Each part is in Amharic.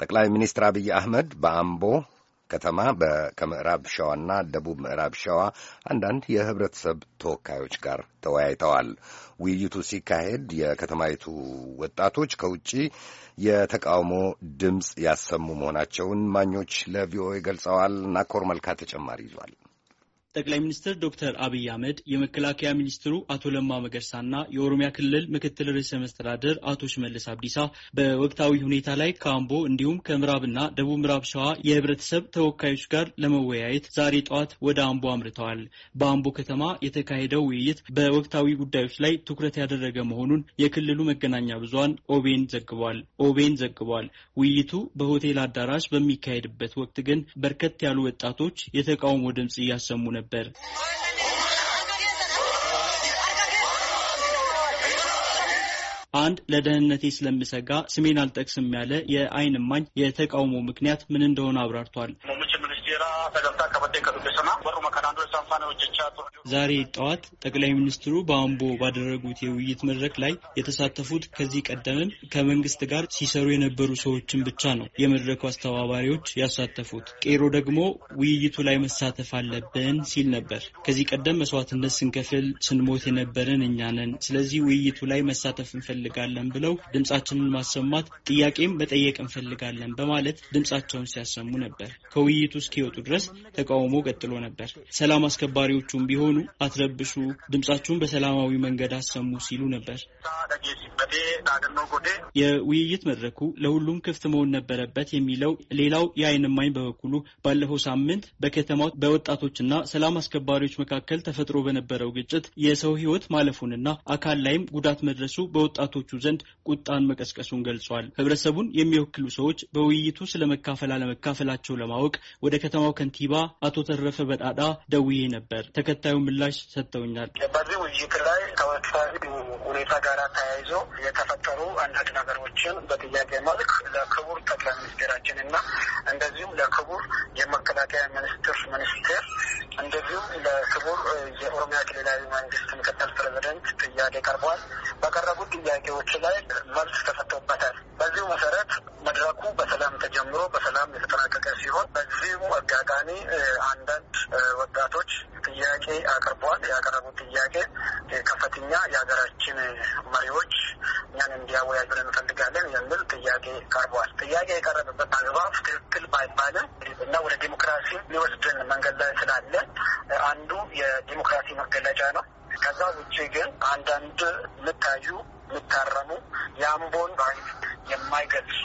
ጠቅላይ ሚኒስትር አብይ አህመድ በአምቦ ከተማ ከምዕራብ ሸዋና ደቡብ ምዕራብ ሸዋ አንዳንድ የህብረተሰብ ተወካዮች ጋር ተወያይተዋል። ውይይቱ ሲካሄድ የከተማይቱ ወጣቶች ከውጭ የተቃውሞ ድምፅ ያሰሙ መሆናቸውን ማኞች ለቪኦኤ ገልጸዋል። ናኮር መልካ ተጨማሪ ይዟል። ጠቅላይ ሚኒስትር ዶክተር አብይ አህመድ የመከላከያ ሚኒስትሩ አቶ ለማ መገርሳና የኦሮሚያ ክልል ምክትል ርዕሰ መስተዳደር አቶ ሽመልስ አብዲሳ በወቅታዊ ሁኔታ ላይ ከአምቦ እንዲሁም ከምዕራብና ደቡብ ምዕራብ ሸዋ የህብረተሰብ ተወካዮች ጋር ለመወያየት ዛሬ ጠዋት ወደ አምቦ አምርተዋል። በአምቦ ከተማ የተካሄደው ውይይት በወቅታዊ ጉዳዮች ላይ ትኩረት ያደረገ መሆኑን የክልሉ መገናኛ ብዙሃን ኦቤን ዘግቧል ኦቤን ዘግቧል። ውይይቱ በሆቴል አዳራሽ በሚካሄድበት ወቅት ግን በርከት ያሉ ወጣቶች የተቃውሞ ድምፅ እያሰሙ ነበር። ነበር። አንድ ለደህንነቴ ስለምሰጋ ስሜን አልጠቅስም ያለ የአይን እማኝ የተቃውሞ ምክንያት ምን እንደሆነ አብራርቷል። ዛሬ ጠዋት ጠቅላይ ሚኒስትሩ በአምቦ ባደረጉት የውይይት መድረክ ላይ የተሳተፉት ከዚህ ቀደምም ከመንግስት ጋር ሲሰሩ የነበሩ ሰዎችን ብቻ ነው የመድረኩ አስተባባሪዎች ያሳተፉት። ቄሮ ደግሞ ውይይቱ ላይ መሳተፍ አለብን ሲል ነበር። ከዚህ ቀደም መስዋዕትነት ስንከፍል ስንሞት የነበረን እኛ ነን። ስለዚህ ውይይቱ ላይ መሳተፍ እንፈልጋለን ብለው ድምፃችንን ማሰማት ጥያቄም መጠየቅ እንፈልጋለን በማለት ድምፃቸውን ሲያሰሙ ነበር። ከውይይቱ እስኪወጡ ድረስ ድረስ ተቃውሞ ቀጥሎ ነበር። ሰላም አስከባሪዎቹም ቢሆኑ አትረብሱ፣ ድምጻችሁን በሰላማዊ መንገድ አሰሙ ሲሉ ነበር። የውይይት መድረኩ ለሁሉም ክፍት መሆን ነበረበት የሚለው ሌላው የአይን እማኝ በበኩሉ ባለፈው ሳምንት በከተማው በወጣቶችና ሰላም አስከባሪዎች መካከል ተፈጥሮ በነበረው ግጭት የሰው ሕይወት ማለፉንና አካል ላይም ጉዳት መድረሱ በወጣቶቹ ዘንድ ቁጣን መቀስቀሱን ገልጿል። ህብረተሰቡን የሚወክሉ ሰዎች በውይይቱ ስለመካፈል አለመካፈላቸው ለማወቅ ወደ ከተማው ከንቲባ አቶ ተረፈ በጣዳ ደውዬ ነበር። ተከታዩ ምላሽ ሰጥተውኛል። በዚህ ውይይት ላይ ከወቅታዊ ሁኔታ ጋር ተያይዞ የተፈጠሩ አንዳንድ ነገሮችን በጥያቄ መልክ ለክቡር ጠቅላይ ሚኒስቴራችን እና እንደዚሁም ለክቡር የመከላከያ ሚኒስትር ሚኒስቴር እንደዚሁም ለክቡር የኦሮሚያ ክልላዊ መንግስት ምክትል ፕሬዚደንት ጥያቄ ቀርቧል። በቀረቡት ጥያቄዎች ላይ መልስ ተሰጥቷል። ጥያቄ ከፍተኛ የሀገራችን መሪዎች እኛን እንዲያወያዩን እንፈልጋለን የሚል ጥያቄ ቀርቧል። ጥያቄ የቀረበበት አግባብ ትክክል ባይባልም እና ወደ ዲሞክራሲ ሊወስድን መንገድ ላይ ስላለ አንዱ የዲሞክራሲ መገለጫ ነው። ከዛ ውጭ ግን አንዳንድ የምታዩ የሚታረሙ የአምቦን ባህል የማይገልጹ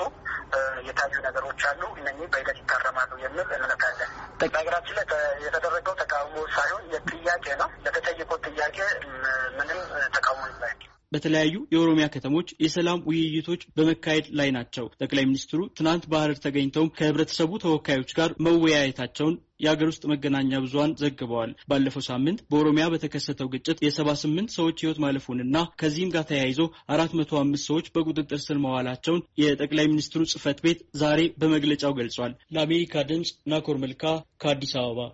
የታዩ ነገሮች አሉ። እነኚህ በሂደት ይታረማሉ የሚል እምነት አለን። በሀገራችን ላይ የተደረገው ተቃውሞ ሳይሆን የጥያቄ ነው። በተለያዩ የኦሮሚያ ከተሞች የሰላም ውይይቶች በመካሄድ ላይ ናቸው። ጠቅላይ ሚኒስትሩ ትናንት ባህር ተገኝተውም ከህብረተሰቡ ተወካዮች ጋር መወያየታቸውን የአገር ውስጥ መገናኛ ብዙኃን ዘግበዋል። ባለፈው ሳምንት በኦሮሚያ በተከሰተው ግጭት የሰባ ስምንት ሰዎች ህይወት ማለፉንና ከዚህም ጋር ተያይዞ አራት መቶ አምስት ሰዎች በቁጥጥር ስር መዋላቸውን የጠቅላይ ሚኒስትሩ ጽህፈት ቤት ዛሬ በመግለጫው ገልጿል። ለአሜሪካ ድምፅ ናኮር መልካ ከአዲስ አበባ